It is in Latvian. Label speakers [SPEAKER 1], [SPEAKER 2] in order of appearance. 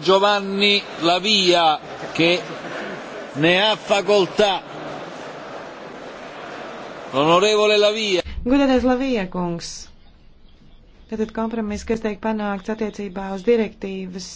[SPEAKER 1] Giovanni Lavia che ne ha facoltā. Onorevole Lavia. Gudēties
[SPEAKER 2] Lavija kungs. Tātad kompromiss, kas tiek panākts attiecībā uz direktīvas